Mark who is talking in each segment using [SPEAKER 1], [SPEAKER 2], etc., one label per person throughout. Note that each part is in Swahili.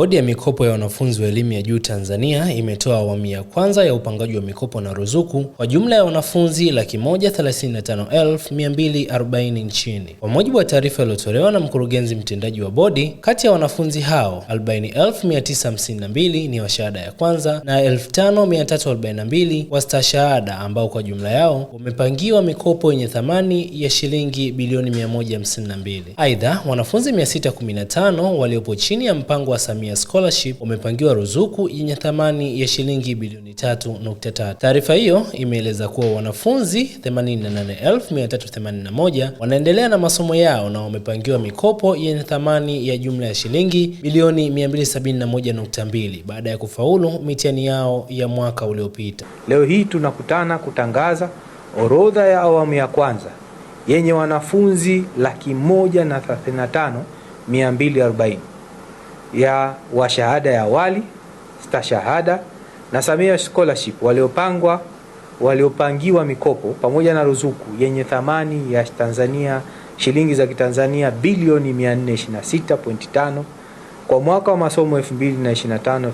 [SPEAKER 1] Bodi ya mikopo ya wanafunzi wa elimu ya juu Tanzania imetoa awamu ya kwanza ya upangaji wa mikopo na ruzuku kwa jumla ya wanafunzi laki moja thelathini na tano elfu mia mbili arobaini nchini. Kwa mujibu wa taarifa iliyotolewa na mkurugenzi mtendaji wa bodi, kati ya wanafunzi hao 40,952 ni wa shahada ya kwanza na 5,342 wa stashahada ambao kwa jumla yao wamepangiwa mikopo yenye thamani ya shilingi bilioni 152. Aidha, wanafunzi 615 waliopo chini ya mpango wa Samia kutumia Scholarship wamepangiwa ruzuku yenye thamani ya shilingi bilioni 3.3. Taarifa hiyo imeeleza kuwa wanafunzi 88,381 wanaendelea na masomo yao na wamepangiwa mikopo yenye thamani ya jumla ya shilingi bilioni 271.2 baada ya kufaulu mitihani yao ya mwaka uliopita.
[SPEAKER 2] Leo hii tunakutana kutangaza orodha ya awamu ya kwanza yenye wanafunzi laki moja na thelathini na tano mia mbili arobaini ya washahada ya awali stashahada na Samia Scholarship waliopangwa waliopangiwa mikopo pamoja na ruzuku yenye thamani ya Tanzania shilingi za Kitanzania bilioni 426.5 kwa mwaka wa masomo 2025-2026.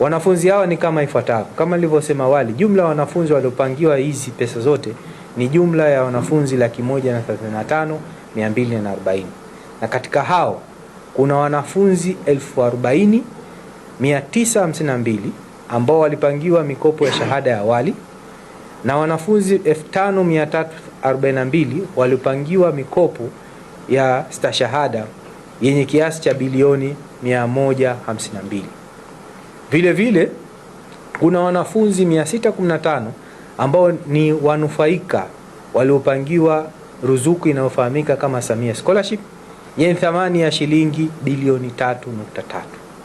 [SPEAKER 2] Wanafunzi hawa ni kama ifuatavyo. Kama nilivyosema awali, jumla ya wanafunzi waliopangiwa hizi pesa zote ni jumla ya wanafunzi laki moja na na katika hao kuna wanafunzi 40952 ambao walipangiwa mikopo ya shahada ya awali na wanafunzi 5342 walipangiwa mikopo ya stashahada yenye kiasi cha bilioni 152. Vile vile kuna wanafunzi 615 ambao ni wanufaika waliopangiwa ruzuku inayofahamika kama Samia Scholarship yenye thamani ya shilingi bilioni 3.3.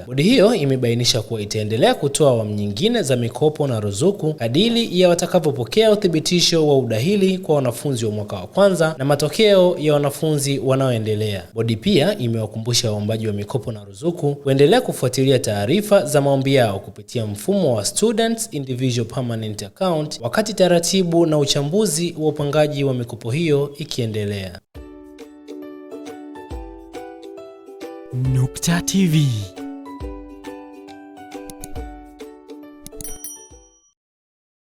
[SPEAKER 1] Bodi hiyo imebainisha kuwa itaendelea kutoa awamu nyingine za mikopo na ruzuku kadiri ya watakavyopokea uthibitisho wa udahili kwa wanafunzi wa mwaka wa kwanza na matokeo ya wanafunzi wanaoendelea. Bodi pia imewakumbusha waombaji wa mikopo na ruzuku kuendelea kufuatilia taarifa za maombi yao kupitia mfumo wa Students Individual Permanent Account, wakati taratibu na uchambuzi wa upangaji wa mikopo hiyo ikiendelea. Nukta TV